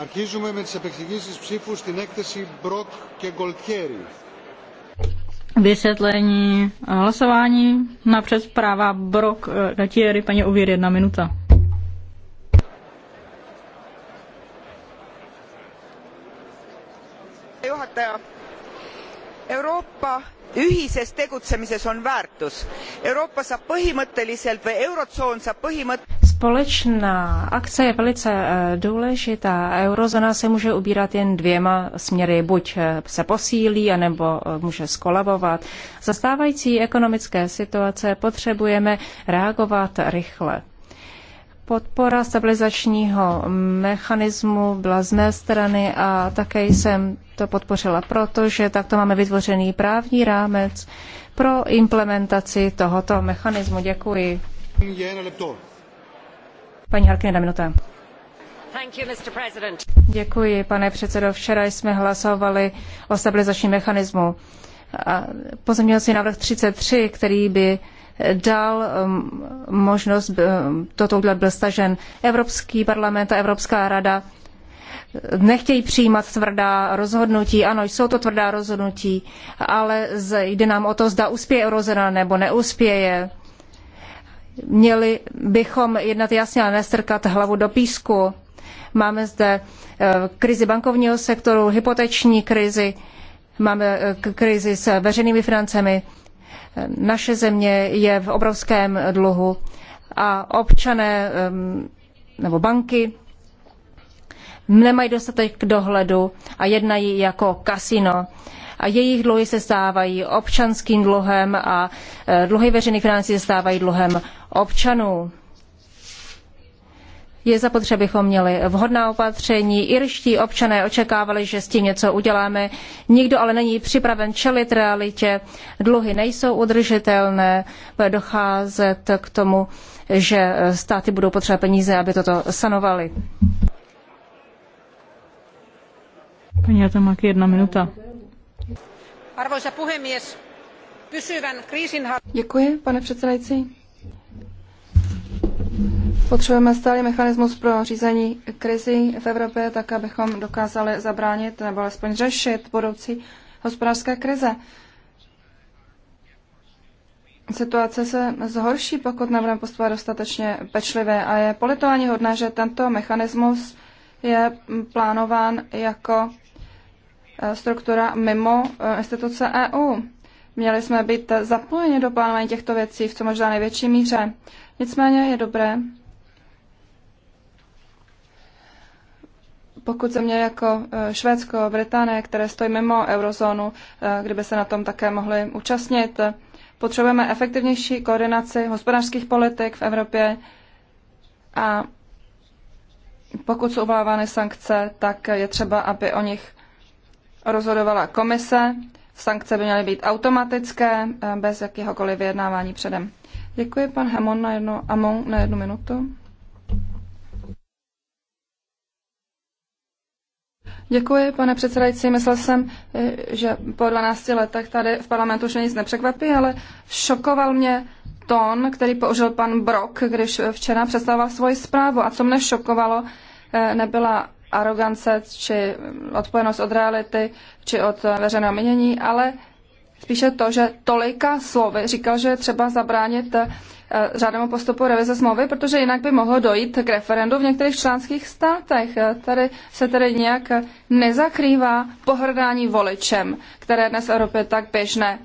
Αρχίζουμε με τις επεξηγήσεις ψήφου στην έκθεση Μπροκ και Γκολτιέρη. Vysvětlení eh, hlasování napřed zpráva Brok eh, Gatieri, paní Uvěr, jedna minuta. Juhataja, Euroopa ühises tegutsemises on väärtus. Euroopa saab põhimõtteliselt või Eurotsoon saab põhimõtteliselt společná akce je velice eh, důležitá. Eurozona se může ubírat jen dvěma směry. Buď eh, se posílí, anebo eh, může skolabovat. Za stávající ekonomické situace potřebujeme reagovat rychle. Podpora stabilizačního mechanismu byla z mé strany a také jsem to podpořila, protože takto máme vytvořený právní rámec pro implementaci tohoto mechanismu. Děkuji. Paní Harkin, minuta. Děkuji, pane předsedo. Včera jsme hlasovali o stabilizačním mechanismu. Pozměňovací návrh 33, který by dal um, možnost um, toto udělat, byl stažen. Evropský parlament a Evropská rada nechtějí přijímat tvrdá rozhodnutí. Ano, jsou to tvrdá rozhodnutí, ale jde nám o to, zda uspěje eurozona nebo neuspěje. Měli bychom jednat jasně a nestrkat hlavu do písku. Máme zde eh, krizi bankovního sektoru, hypoteční krizi, máme eh, krizi s veřejnými financemi. Eh, naše země je v obrovském dluhu a občané nebo banky nemají dostatek dohledu a jednají jako kasino a jejich dluhy se stávají občanským dluhem a e, dluhy veřejných financí se stávají dluhem občanů. Je zapotřebí, abychom měli vhodná opatření. Irští občané očekávali, že s tím něco uděláme. Nikdo ale není připraven čelit realitě. Dluhy nejsou udržitelné. Bude docházet k tomu, že státy budou potřebovat peníze, aby toto sanovali. Paní mám jedna minuta. Arvoisa puhemies, pysyvän kriisinhallinnan... Děkuji, pane předsedající. Potřebujeme stálý mechanismus pro řízení krizí v Evropě, tak abychom dokázali zabránit nebo alespoň řešit budoucí hospodářské krize. Situace se zhorší, pokud nebudeme postupovat dostatečně pečlivě a je politování hodné, že tento mechanismus je plánován jako Eh, struktura mimo eh, instituce EU. Měli jsme být zapojeni do plánování těchto věcí v co možná největší míře. Nicméně je dobré, pokud země jako eh, Švédsko, Británie, které stojí mimo eurozónu, kdyby se na tom také mohly účastnit, potřebujeme efektivnější koordinaci hospodářských politik v Evropě a pokud jsou uvalovány sankce, tak je třeba, aby o nich rozhodovala komise. Sankce by měly být automatické, eh, bez jakéhokoliv vyjednávání předem. Děkuji, pan Hamon, na jednu, Amon, na jednu minutu. Děkuji, pane předsedající. Myslel jsem, eh, že po 12 letech tady v parlamentu už nic nepřekvapí, ale šokoval mě tón, který použil pan Brok, když včera představoval svoji zprávu. A co mne šokovalo, eh, nebyla arogance či odpojenost od reality či od veřejného mínění, ale spíše to, že tolika slovy říkal, že je třeba zabránit eh, řádnému postupu revize smlouvy, protože jinak by mohlo dojít k referendu v některých členských státech. Eh, tady se tedy nějak nezakrývá pohrdání voličem, které dnes v Evropě tak běžné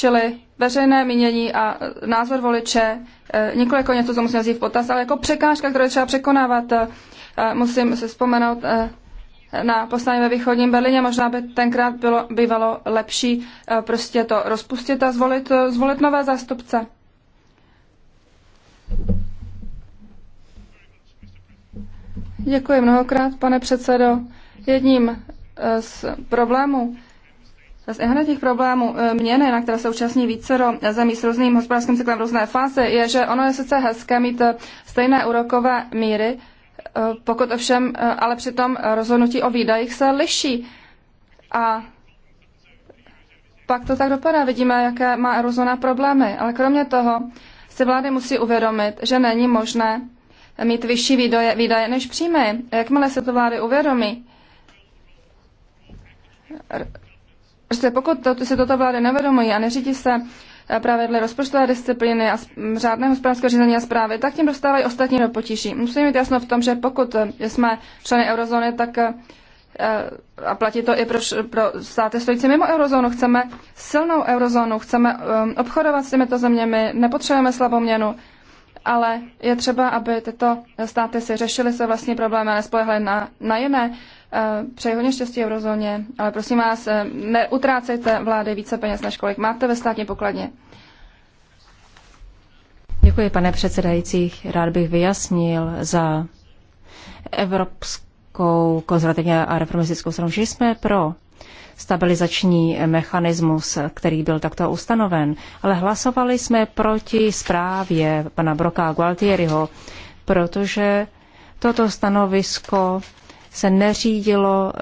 čili veřejné mínění a e, názor voliče, e, nikoli jako něco, co musíme vzít v potaz, ale jako překážka, kterou je třeba překonávat. E, musím se vzpomenout na poslání ve východním Berlíně, možná by tenkrát bylo, bývalo lepší prostě to rozpustit a zvolit, zvolit nové zástupce. Děkuji mnohokrát, pane předsedo. Jedním z problémů, z hra těch problémů eh, měny, na které se účastní více zemí s různým hospodářským cyklem v různé fázi, je, že ono je sice hezké mít eh, stejné úrokové míry, eh, pokud ovšem, ale přitom rozhodnutí o výdajích se liší. A pak to tak dopadá. Vidíme, jaké má eurozóna problémy. Ale kromě toho si vlády musí uvědomit, že není možné mít vyšší výdaje, výdaje než příjmy. Jakmile se to vlády uvědomí, Prostě pokud to, si toto vlády nevědomují a neřídí se eh, právě dle rozpočtové disciplíny a řádného hospodářského řízení a zprávy, tak tím dostávají ostatní do potíží. Musíme mít jasno v tom, že pokud eh, jsme členy eurozóny, tak eh, a platí to i pro, pro státy stojící mimo eurozónu. Chceme silnou eurozónu, chceme um, obchodovat s těmito zeměmi, nepotřebujeme slabou měnu, ale je třeba, aby tyto státy si řešily své vlastní problémy a nespolehly na, na jiné. Eh, přeji hodně štěstí eurozóně, ale prosím vás, eh, neutrácejte vlády více peněz, než kolik máte ve státní pokladně. Děkuji, pane předsedající. Rád bych vyjasnil za Evropskou konzervativní a reformistickou stranu, že jsme pro stabilizační mechanismus, který byl takto ustanoven. Ale hlasovali jsme proti zprávě pana Broka a Gualtieriho, protože toto stanovisko se neřídilo eh,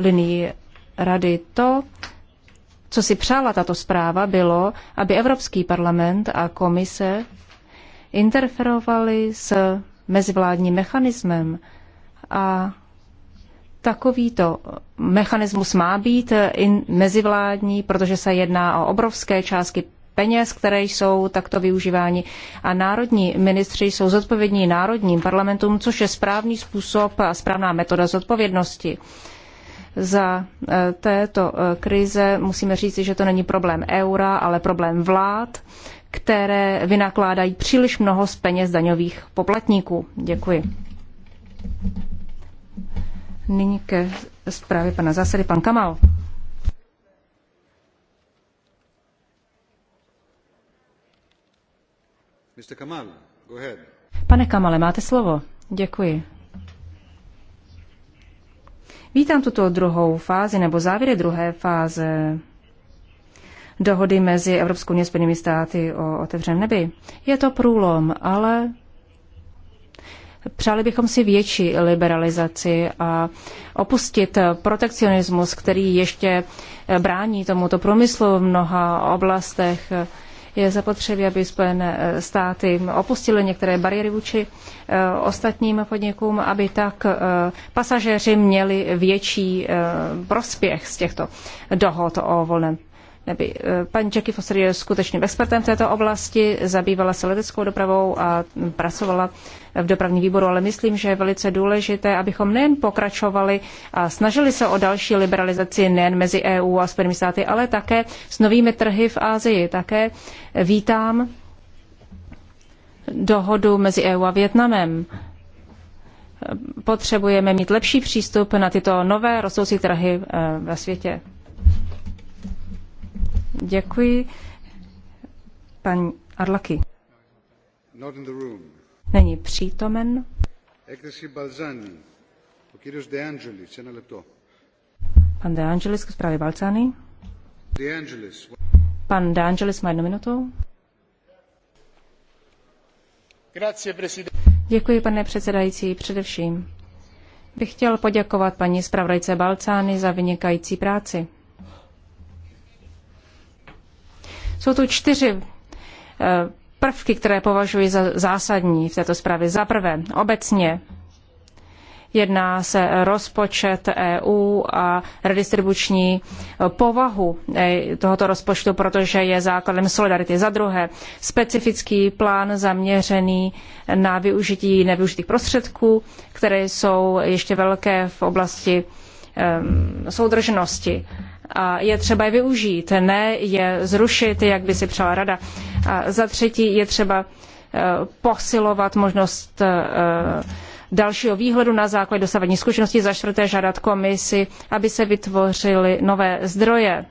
linii rady. To, co si přála tato zpráva, bylo, aby Evropský parlament a komise interferovali s mezivládním mechanismem a takovýto mechanismus má být in, mezivládní, protože se jedná o obrovské částky peněz, které jsou takto využívány. A národní ministři jsou zodpovědní národním parlamentům, což je správný způsob a správná metoda zodpovědnosti. Za eh, této eh, krize musíme říci, že to není problém eura, ale problém vlád, které vynakládají příliš mnoho z peněz daňových poplatníků. Děkuji. Nyní ke zprávě pana zásady, pan Kamal. Pane Kamale, máte slovo. Děkuji. Vítám tuto druhou fázi nebo závěry druhé fáze dohody mezi Evropskou unii a Spojenými státy o otevřeném nebi. Je to průlom, ale přáli bychom si větší liberalizaci a opustit protekcionismus, který ještě brání tomuto průmyslu v mnoha oblastech je zapotřebí, aby Spojené eh, státy opustily některé bariéry vůči eh, ostatním podnikům, aby tak eh, pasažéři měli větší prospěch z těchto dohod o volném neby eh, paní Jackie Foster je skutečným expertem v této oblasti, zabývala se leteckou dopravou a pracovala v dopravním výboru, ale myslím, že je velice důležité, abychom nejen pokračovali a snažili se o další liberalizaci nejen mezi EU a Spojenými státy, ale také s novými trhy v Asii. Také vítám dohodu mezi EU a Větnamem. Potřebujeme mít lepší přístup na tyto nové rostoucí trhy eh, ve světě. Děkuji. Pan Arlaki. Není přítomen. Pan De Angelis k zprávě Balcány. Pan De Angelis má jednu minutu. Děkuji, pane předsedající, především bych chtěl poděkovat paní zpravodajce Balcány za vynikající práci. Jsou tu čtyři eh, prvky, které považuji za zásadní v této zprávě. Za prvé, obecně jedná se rozpočet EU a redistribuční povahu eh, tohoto rozpočtu, protože je základem solidarity. Za druhé, specifický plán zaměřený na využití nevyužitých prostředků, které jsou ještě velké v oblasti eh, soudržnosti a je třeba je využít, ne je zrušit, jak by si přála rada. A za třetí je třeba eh, posilovat možnost eh, dalšího výhledu na základě dosavadní zkušeností, za čtvrté žádat komisi, aby se vytvořily nové zdroje.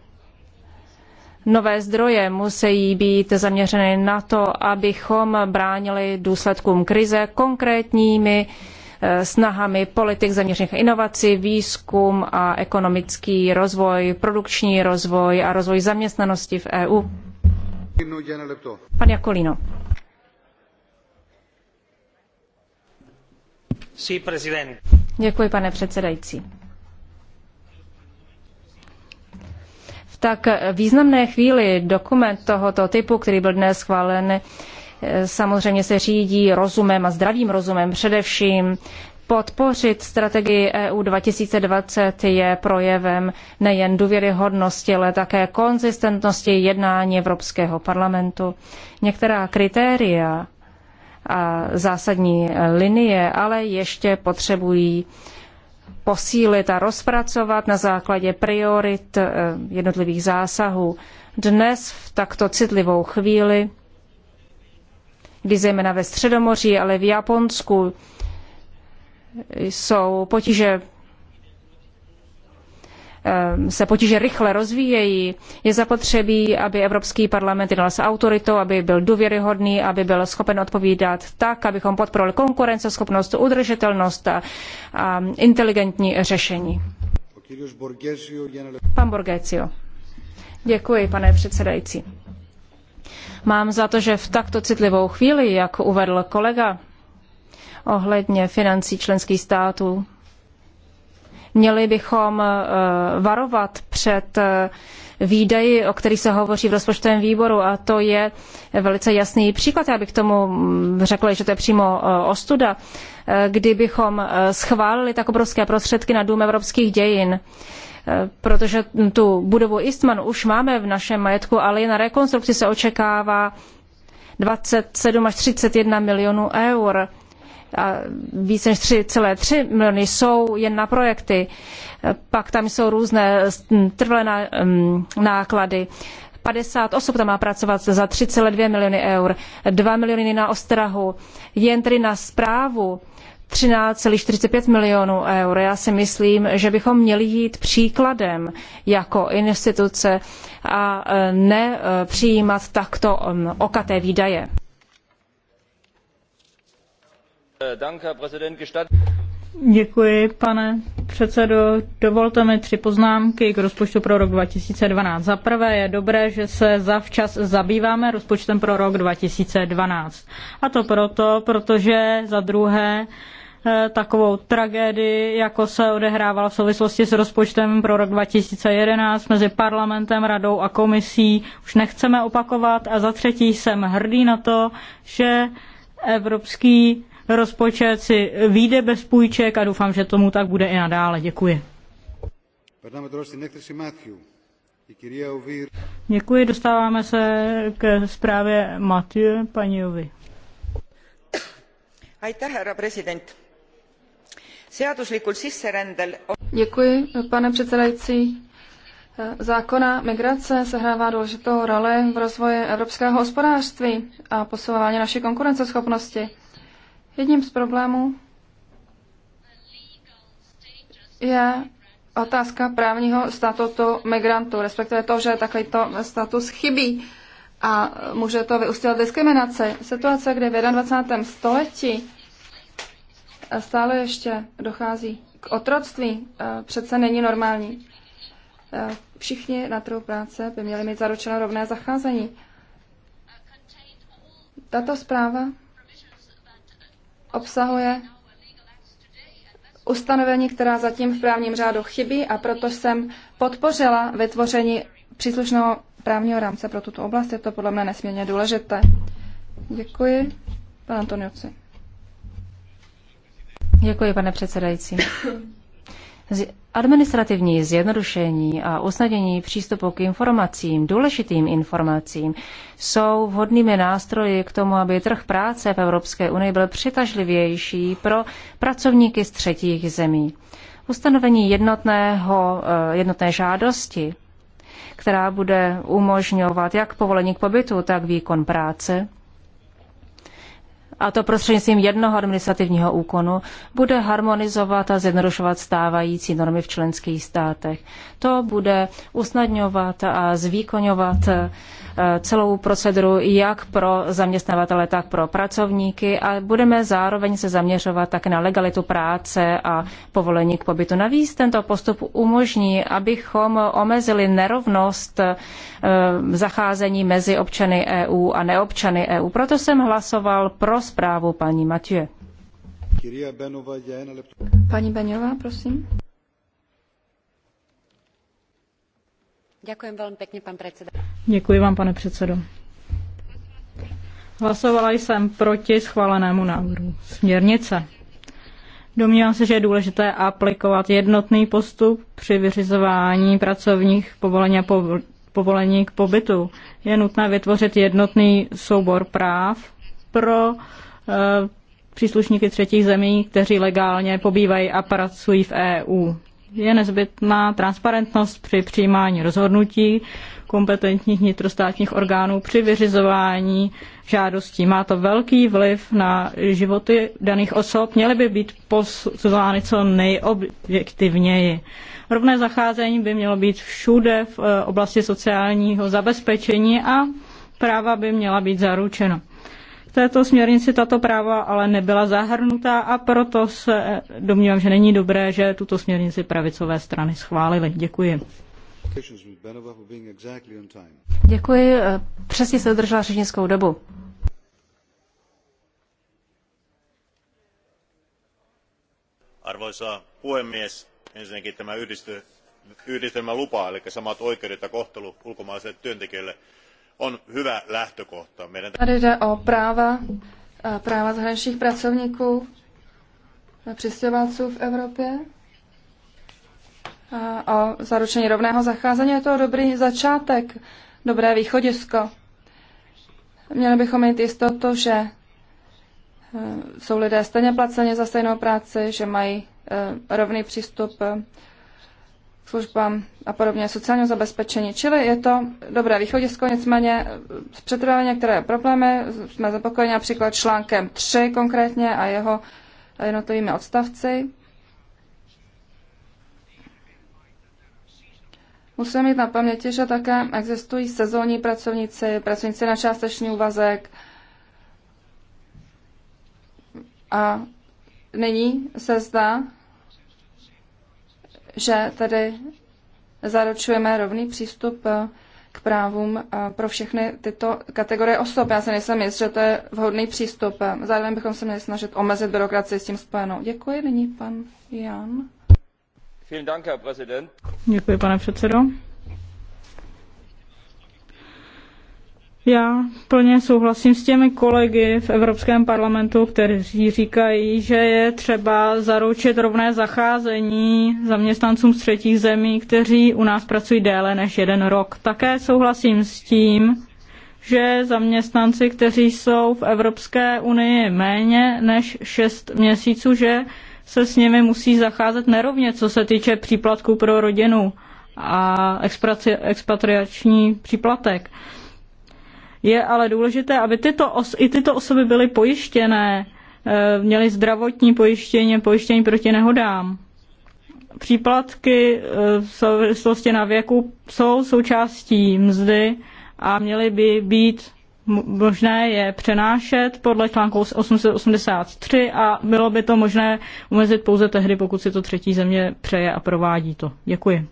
Nové zdroje musí být zaměřeny na to, abychom bránili důsledkům krize konkrétními uh, Eh, snahami politik zaměřených inovací, výzkum a ekonomický rozvoj, produkční rozvoj a rozvoj zaměstnanosti v EU. Pan Jakolino. Děkuji, pane předsedající. V tak významné chvíli dokument tohoto typu, který byl dnes schválen, samozřejmě se řídí rozumem a zdravým rozumem především. Podpořit strategii EU 2020 je projevem nejen důvěryhodnosti, ale také konzistentnosti jednání Evropského parlamentu. Některá kritéria a zásadní linie ale ještě potřebují posílit a rozpracovat na základě priorit eh, jednotlivých zásahů. Dnes v takto citlivou chvíli kdy zejména ve Středomoří, ale v Japonsku jsou potíže eh, se potíže rychle rozvíjejí, je zapotřebí, aby Evropský parlament jednal s autoritou, aby byl důvěryhodný, aby byl schopen odpovídat tak, abychom podporovali konkurenceschopnost, udržitelnost a, a inteligentní řešení. Pan Borgesio. Děkuji, pane předsedající. Mám za to, že v takto citlivou chvíli, jak uvedl kolega ohledně financí členských států, měli bychom eh, varovat před eh, výdaji, o kterých se hovoří v rozpočtovém výboru a to je velice jasný příklad. Já bych k tomu mm, řekla, že to je přímo eh, ostuda, kdybychom schválili tak obrovské prostředky na Dům evropských dějin protože tu budovu Eastman už máme v našem majetku, ale na rekonstrukci se očekává 27 až 31 milionů eur. A více než 3,3 miliony jsou jen na projekty. Pak tam jsou různé trvalé náklady. 50 osob tam má pracovat za 3,2 miliony eur, 2 miliony na ostrahu, jen tedy na správu 13,45 milionů eur. Já si myslím, že bychom měli jít příkladem jako instituce a e, ne e, přijímat takto um, okaté výdaje. Děkuji, pane předsedo. Dovolte mi tři poznámky k rozpočtu pro rok 2012. Za prvé je dobré, že se zavčas zabýváme rozpočtem pro rok 2012. A to proto, protože za druhé eh, takovou tragédii, jako se odehrávala v souvislosti s rozpočtem pro rok 2011 mezi parlamentem, radou a komisí, už nechceme opakovat. A za třetí jsem hrdý na to, že Evropský rozpočet si vyjde bez půjček a doufám, že tomu tak bude i nadále. Děkuji. Děkuji, dostáváme se k zprávě Matěje Paniovi. Aitäh, Děkuji, pane předsedající. Zákona migrace sehrává důležitou roli v rozvoji evropského hospodářství a posilování naší konkurenceschopnosti. Jedním z problémů je otázka právního statutu migrantů, respektive to, že takovýto status chybí a může to vyústit diskriminaci. Situace, kde v 21. století stále ještě dochází k otroctví, eh, přece není normální. Eh, všichni na trhu práce by měli mít zaručeno rovné zacházení. Tato zpráva obsahuje ustanovení, která zatím v právním řádu chybí a proto jsem podpořila vytvoření příslušného právního rámce pro tuto oblast. Je to podle mě nesmírně důležité. Děkuji. Pan Antonioci. Děkuji, pane předsedající. Administrativní zjednodušení a usnadnění přístupu k informacím, důležitým informacím, jsou vhodnými nástroji k tomu, aby trh práce v Evropské unii byl přitažlivější pro pracovníky z třetích zemí. Ustanovení jednotného, eh, jednotné žádosti, která bude umožňovat jak povolení k pobytu, tak výkon práce, a to prostřednictvím jednoho administrativního úkonu, bude harmonizovat a zjednodušovat stávající normy v členských státech. To bude usnadňovat a zvýkonňovat celou proceduru jak pro zaměstnavatele, tak pro pracovníky a budeme zároveň se zaměřovat také na legalitu práce a povolení k pobytu. Navíc tento postup umožní, abychom omezili nerovnost eh, zacházení mezi občany EU a neobčany EU. Proto jsem hlasoval pro zprávu paní Mathieu. Paní Beňová, prosím. Děkuji velmi pěkně, pan Děkuji vám, pane předsedo. Hlasovala jsem proti schválenému návrhu směrnice. Domnívám se, že je důležité aplikovat jednotný postup při vyřizování pracovních povolení a povolení k pobytu. Je nutné vytvořit jednotný soubor práv pro e, příslušníky třetích zemí, kteří legálně pobývají a pracují v EU je nezbytná transparentnost při přijímání rozhodnutí kompetentních vnitrostátních orgánů při vyřizování žádostí. Má to velký vliv na životy daných osob, měly by být posuzovány co nejobjektivněji. Rovné zacházení by mělo být všude v eh, oblasti sociálního zabezpečení a práva by měla být zaručena této směrnici tato práva ale nebyla zahrnutá a proto se domnívám, že není dobré, že tuto směrnici pravicové strany schválili. Děkuji. Děkuji. Eh, přesně se udržela řečnickou dobu. Arvoisa puhemies, ensinnäkin tämä lupa, eli samat oikeudet ja kohtelu ulkomaalaisille työntekijälle on hyvä lähtökohta. Meidän... Tady jde o práva, eh, práva zahraničních pracovníků, eh, přistěhovalců v Evropě a o zaručení rovného zacházení. Je to dobrý začátek, dobré východisko. Měli bychom mít jistotu, že eh, jsou lidé stejně placeni za stejnou práci, že mají rovný přístup službám a podobně sociálního zabezpečení. Čili je to dobré východisko, nicméně eh, přetrvávají některé problémy. Jsme zapokojeni například článkem 3 konkrétně a jeho jednotlivými odstavci. Musíme mít na paměti, že také existují sezónní pracovníci, pracovníci na částečný úvazek a nyní se zdá, že tedy zaručujeme rovný přístup eh, k právům eh, pro všechny tyto kategorie osob. Já se nejsem jist, že to je vhodný přístup. Zároveň bychom se měli snažit omezit byrokracii s tím spojenou. Děkuji. Nyní pan Jan. Děkuji, pane předsedo. Já plně souhlasím s těmi kolegy v Evropském parlamentu, kteří říkají, že je třeba zaručit rovné zacházení zaměstnancům z třetích zemí, kteří u nás pracují déle než jeden rok. Také souhlasím s tím, že zaměstnanci, kteří jsou v Evropské unii méně než 6 měsíců, že se s nimi musí zacházet nerovně, co se týče příplatku pro rodinu a expatriační příplatek. Je ale důležité, aby tyto os- i tyto osoby byly pojištěné, eh, měly zdravotní pojištění, pojištění proti nehodám. Příplatky eh, v souvislosti na věku jsou součástí mzdy a měly by být možné je přenášet podle článku 883 a bylo by to možné omezit pouze tehdy, pokud si to třetí země přeje a provádí to. Děkuji.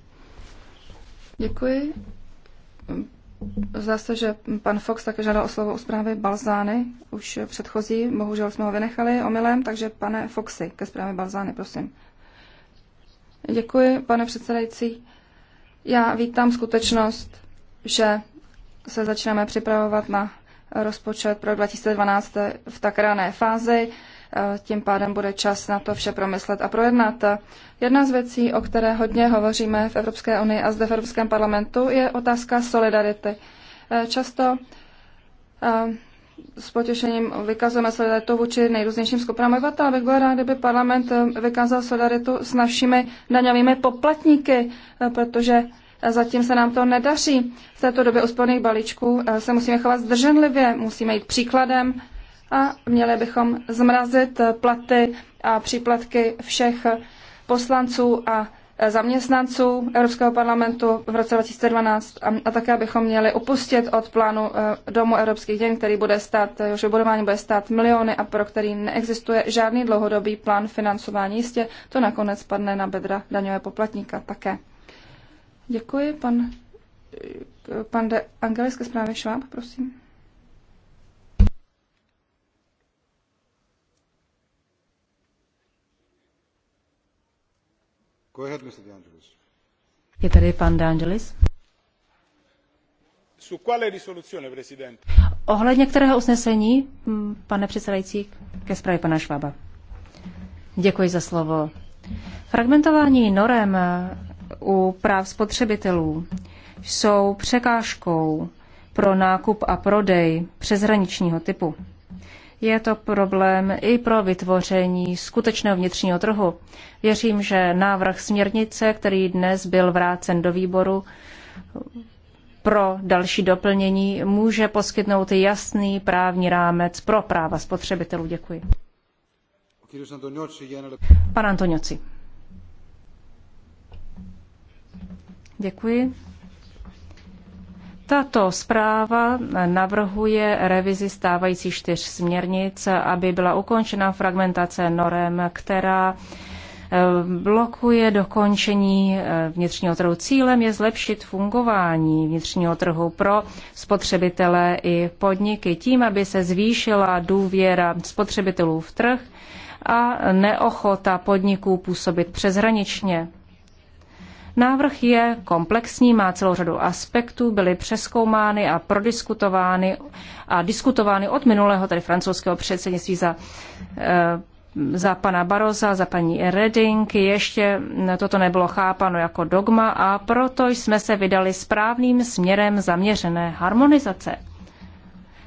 Děkuji. Zdá se, že pan Fox také žádal o slovo o zprávě Balzány, už předchozí, bohužel jsme ho vynechali omylem, takže pane Foxy, ke zprávě Balzány, prosím. Děkuji, pane předsedající. Já vítám skutečnost, že se začínáme připravovat na rozpočet pro 2012 v tak rané fázi. Eh, tím pádem bude čas na to vše promyslet a projednat. Jedna z věcí, o které hodně hovoříme v Evropské unii a zde v Evropském parlamentu, je otázka solidarity. Eh, často eh, s potěšením vykazujeme solidaritu vůči nejrůznějším skupinám obyvatel. Bych byla ráda, kdyby parlament vykázal solidaritu s našimi daňovými poplatníky, protože zatím se nám to nedaří. V této době úsporných balíčků se musíme chovat zdrženlivě, musíme jít příkladem a měli bychom zmrazit platy a příplatky všech poslanců a zaměstnanců Evropského parlamentu v roce 2012 a, a také bychom měli upustit od plánu eh, Domu Evropských dějin, který bude stát, jehož vybudování bude stát miliony a pro který neexistuje žádný dlouhodobý plán financování. Jistě to nakonec padne na bedra daňové poplatníka také. Děkuji, pan, eh, pan de Angeliske zprávy Šváb, prosím. Je tady De Angelis? Ohledně kterého usnesení, hm, pane předsedající, ke zprávě pana Švába. Děkuji za slovo. Fragmentování norem eh, u práv spotřebitelů jsou překážkou pro nákup a prodej přeshraničního typu. Je to problém i pro vytvoření skutečného vnitřního trhu. Věřím, že návrh směrnice, který dnes byl vrácen do výboru pro další doplnění, může poskytnout jasný právní rámec pro práva spotřebitelů. Děkuji. Pan Antonioci. Děkuji. Tato zpráva navrhuje revizi stávající čtyř směrnic, aby byla ukončena fragmentace norem, která eh, blokuje dokončení eh, vnitřního trhu. Cílem je zlepšit fungování vnitřního trhu pro spotřebitele i podniky tím, aby se zvýšila důvěra spotřebitelů v trh a neochota podniků působit přeshraničně. Návrh je komplexní, má celou řadu aspektů, byly přeskoumány a prodiskutovány a diskutovány od minulého, tedy francouzského předsednictví za eh, za pana Baroza, za paní Reding. Ještě toto nebylo chápano jako dogma a proto jsme se vydali správným směrem zaměřené harmonizace.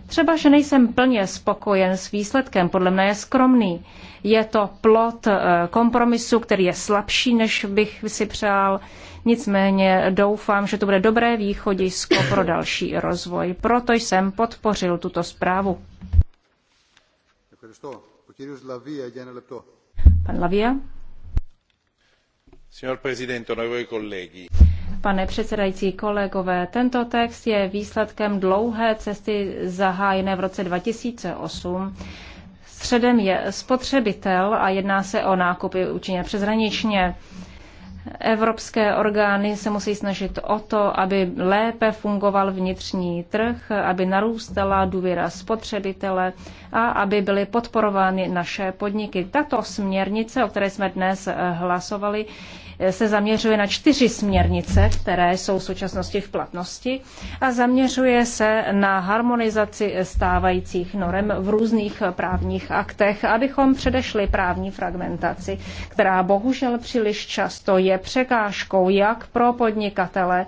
Třeba, že nejsem plně spokojen s výsledkem, podle mne je skromný. Je to plot eh, kompromisu, který je slabší, než bych si přál. Nicméně doufám, že to bude dobré východisko pro další rozvoj. Proto jsem podpořil tuto zprávu. Pan Lavia. Signor Presidente, onorevoli colleghi. Pane předsedající, kolegové, tento text je výsledkem dlouhé cesty zahájené v roce 2008. Středem je spotřebitel a jedná se o nákupy učiněné přeshraničně. Evropské orgány se musí snažit o to, aby lépe fungoval vnitřní trh, aby narůstala důvěra spotřebitele a aby byly podporovány naše podniky. Tato směrnice, o které jsme dnes hlasovali, se zaměřuje na čtyři směrnice, které jsou v současnosti v platnosti a zaměřuje se na harmonizaci stávajících norem v různých právních aktech, abychom předešli právní fragmentaci, která bohužel příliš často je překážkou jak pro podnikatele,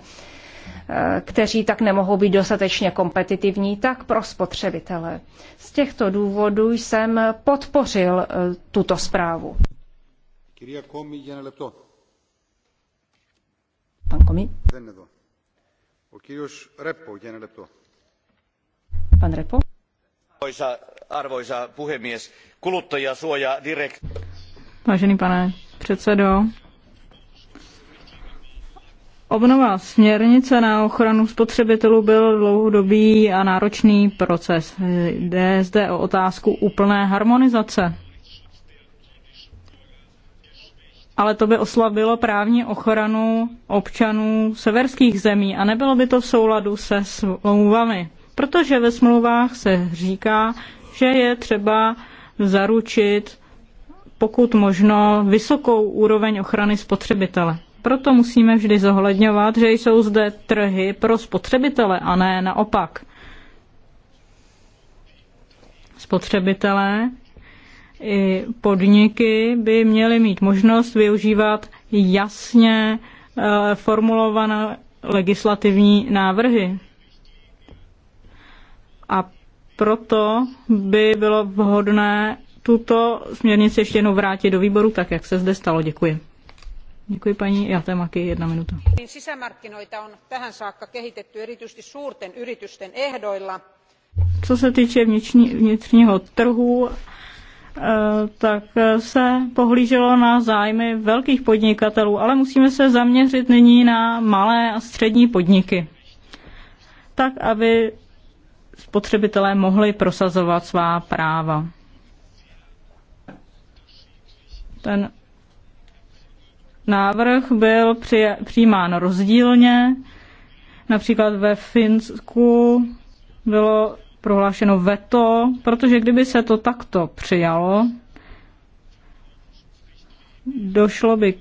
eh, kteří tak nemohou být dostatečně kompetitivní, tak pro spotřebitele. Z těchto důvodů jsem podpořil eh, tuto zprávu. Kyria jen lepto. Pan Komi. Pan Repo. Arvoisa, arvoisa puhemies, direkt. Vážený pane předsedo, Obnova směrnice na ochranu spotřebitelů byl dlouhodobý a náročný proces. Jde zde o otázku úplné harmonizace. ale to by oslabilo právní ochranu občanů severských zemí a nebylo by to v souladu se smlouvami. Protože ve smlouvách se říká, že je třeba zaručit pokud možno vysokou úroveň ochrany spotřebitele. Proto musíme vždy zohledňovat, že jsou zde trhy pro spotřebitele a ne naopak. Spotřebitelé i podniky by měly mít možnost využívat jasně eh, formulované legislativní návrhy. A proto by bylo vhodné tuto směrnici ještě jednou vrátit do výboru, tak jak se zde stalo. Děkuji. Děkuji paní Jatemaky, jedna minuta. Sisämarkkinoita on tähän saakka kehitetty erityisesti suurten yritysten ehdoilla. Co se týče vnitřní, vnitřního trhu, Eh, tak eh, se pohlíželo na zájmy velkých podnikatelů, ale musíme se zaměřit nyní na malé a střední podniky, tak aby spotřebitelé mohli prosazovat svá práva. Ten návrh byl přijímán rozdílně. Například ve Finsku bylo prohlášeno veto, protože kdyby se to takto přijalo, došlo by k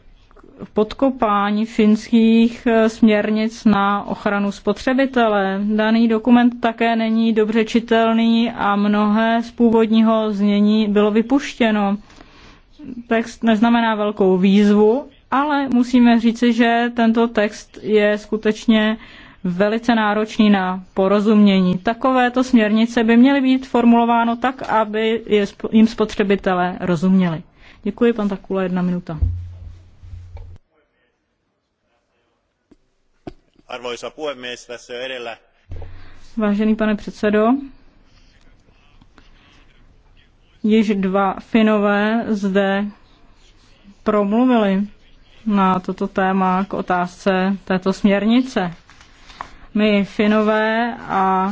podkopání finských eh, směrnic na ochranu spotřebitele. Daný dokument také není dobře čitelný a mnohé z původního znění bylo vypuštěno. Text neznamená velkou výzvu, ale musíme říci, že tento text je skutečně uh, velice náročný na porozumění. Takovéto směrnice by měly být formulováno tak, aby jim spotřebitelé rozuměli. Děkuji, pan Takula, jedna minuta. Arvoisa puhemies, tässä jo edellä. Vážený pane předsedo, již dva Finové zde promluvili na toto téma k otázce této směrnice. My Finové a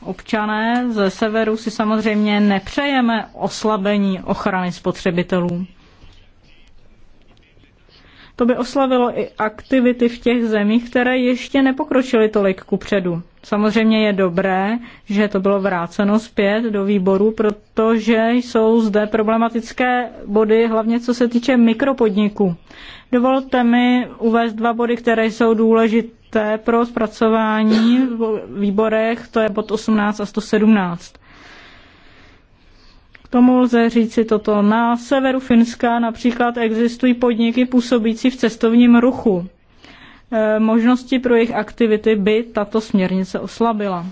občané ze severu si samozřejmě nepřejeme oslabení ochrany spotřebitelů. To by oslavilo i aktivity v těch zemích, které ještě nepokročily tolik ku předu. Samozřejmě je dobré, že to bylo vráceno zpět do výboru, protože jsou zde problematické body, hlavně co se týče mikropodniků. Dovolte mi uvést dva body, které jsou důležité důležité pro zpracování v výborech, to je bod 18 a 117. K tomu lze říci toto. Na severu Finska například existují podniky působící v cestovním ruchu. E, možnosti pro jejich aktivity by tato směrnice oslabila.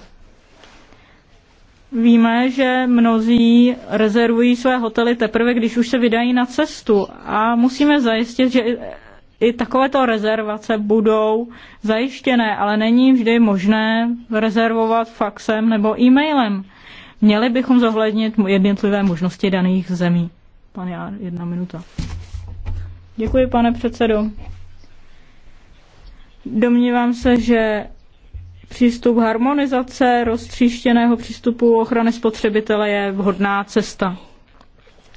Víme, že mnozí rezervují své hotely teprve, když už se vydají na cestu a musíme zajistit, že i takovéto rezervace budou zajištěné, ale není vždy možné rezervovat faxem nebo e-mailem. Měli bychom zohlednit jednotlivé možnosti daných zemí. Pan Jár, jedna minuta. Děkuji, pane předsedo. Domnívám se, že přístup harmonizace roztříštěného přístupu ochrany spotřebitele je vhodná cesta.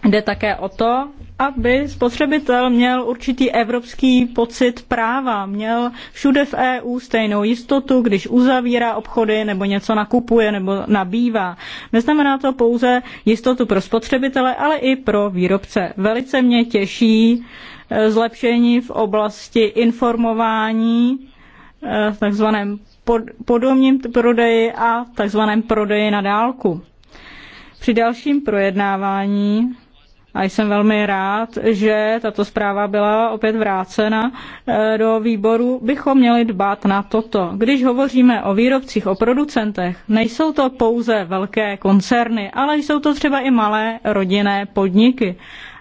Jde také o to, aby spotřebitel měl určitý evropský pocit práva, měl všude v EU stejnou jistotu, když uzavírá obchody nebo něco nakupuje nebo nabývá. Neznamená to pouze jistotu pro spotřebitele, ale i pro výrobce. Velice mě těší eh, zlepšení v oblasti informování v eh, takzvaném podomním prodeji a takzvaném prodeji na dálku. Při dalším projednávání a jsem velmi rád, že tato zpráva byla opět vrácena eh, do výboru. Bychom měli dbát na toto. Když hovoříme o výrobcích, o producentech, nejsou to pouze velké koncerny, ale jsou to třeba i malé rodinné podniky.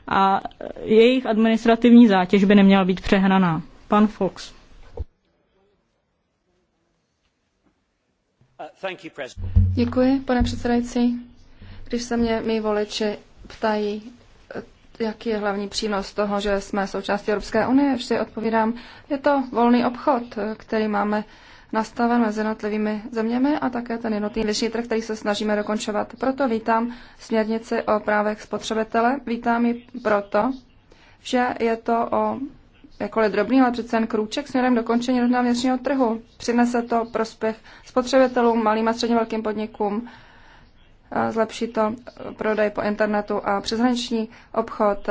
A eh, jejich administrativní zátěž by neměla být přehnaná. Pan Fox. Děkuji, pane předsedající. Když se mě mý voliči ptají, jaký je hlavní přínos toho, že jsme součástí Evropské unie, vždy odpovídám, je to volný obchod, který máme nastaven mezi jednotlivými zeměmi a také ten jednotný vnitřní trh, který se snažíme dokončovat. Proto vítám směrnici o právech spotřebitele. Vítám ji proto, že je to o jakkoliv drobný, ale přece jen krůček směrem dokončení jednotného vnitřního trhu. Přinese to prospěch spotřebitelům, malým a středně velkým podnikům, zlepší to prodej po internetu a přeshraniční obchod.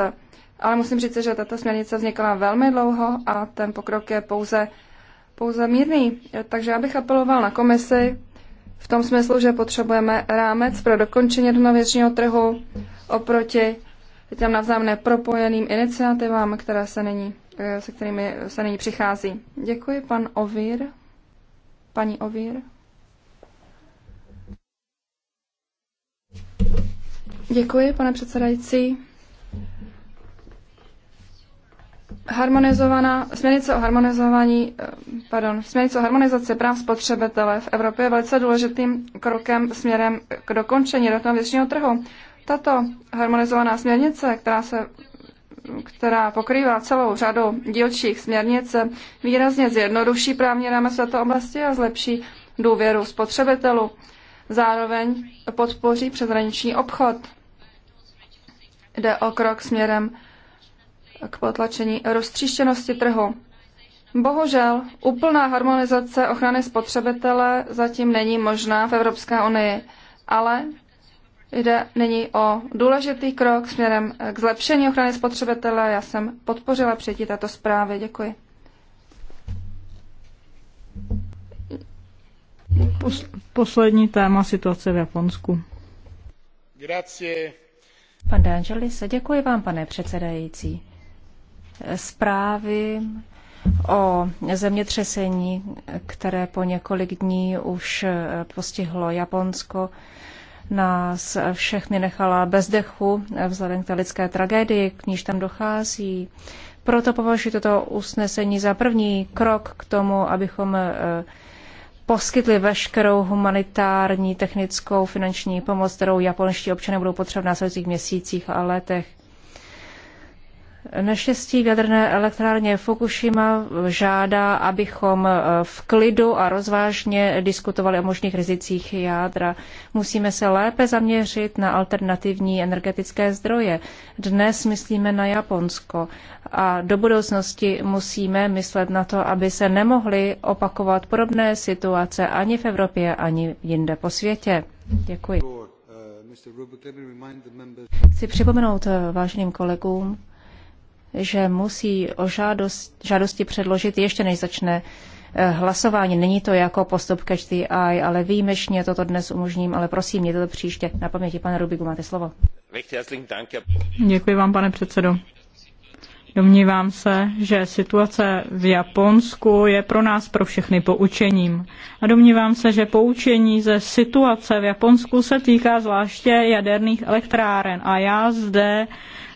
Ale musím říct, že tato směrnice vznikala velmi dlouho a ten pokrok je pouze, pouze mírný. Takže já bych apeloval na komisi v tom smyslu, že potřebujeme rámec pro dokončení jednověčního trhu oproti těm navzájem nepropojeným iniciativám, které se nyní, se kterými se nyní přichází. Děkuji, pan Ovír. Paní Ovír. Děkuji, pane předsedající. Harmonizovaná, směrnice o harmonizování, eh, pardon, směrnice o harmonizaci práv spotřebitele v Evropě je velice důležitým krokem směrem k dokončení jednotného vnitřního trhu. Tato harmonizovaná směrnice, která se která pokrývá celou řadu dílčích směrnic, výrazně zjednoduší právní rámec této oblasti a zlepší důvěru spotřebitelů zároveň podpoří přeshraniční obchod. Jde o krok směrem k potlačení roztříštěnosti trhu. Bohužel, úplná harmonizace ochrany spotřebitele zatím není možná v Evropské unii, ale jde nyní o důležitý krok směrem k zlepšení ochrany spotřebitele. Já jsem podpořila přijetí této zprávy. Děkuji. Poslední téma situace v Japonsku. Grazie. Pan D'Angelis, děkuji vám, pane předsedající. Zprávy o zemětřesení, které po několik dní už postihlo Japonsko, nás všechny nechala bez dechu vzhledem k té lidské tragédii, k níž tam dochází. Proto považuji toto usnesení za první krok k tomu, abychom eh, poskytli veškerou humanitární, technickou, finanční pomoc, kterou japonští občané budou potřebovat v následujících měsících a letech. Neštěstí v jaderné elektrárně Fukushima žádá, abychom eh, v klidu a rozvážně diskutovali o možných rizicích jádra. Musíme se lépe zaměřit na alternativní energetické zdroje. Dnes myslíme na Japonsko a do budoucnosti musíme myslet na to, aby se nemohly opakovat podobné situace ani v Evropě, ani jinde po světě. Děkuji. Uh, Chci připomenout eh, váženým kolegům, že musí o žádost, žádosti předložit ještě než začne eh, hlasování. Není to jako postup catch the eye, ale výjimečně toto dnes umožním, ale prosím, mějte to příště na paměti. Pane Rubigu, máte slovo. Děkuji vám, pane předsedo. Domnívám se, že situace v Japonsku je pro nás pro všechny poučením. A domnívám se, že poučení ze situace v Japonsku se týká zvláště jaderných elektráren. A já zde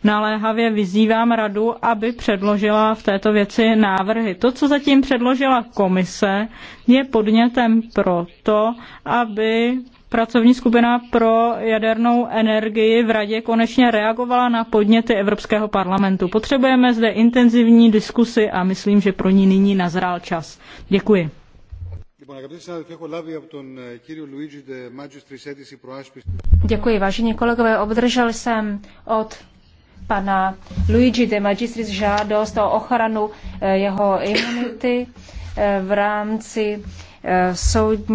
naléhavě vyzývám radu, aby předložila v této věci návrhy. To, co zatím předložila komise, je podnětem pro to, aby pracovní skupina pro jadernou energii v Radě konečně reagovala na podněty Evropského parlamentu. Potřebujeme zde intenzivní diskusy a myslím, že pro ní nyní nazrál čas. Děkuji. Děkuji, vážení kolegové. Obdržel jsem od pana Luigi de Magistris žádost o ochranu eh, jeho imunity eh, v rámci eh, soudní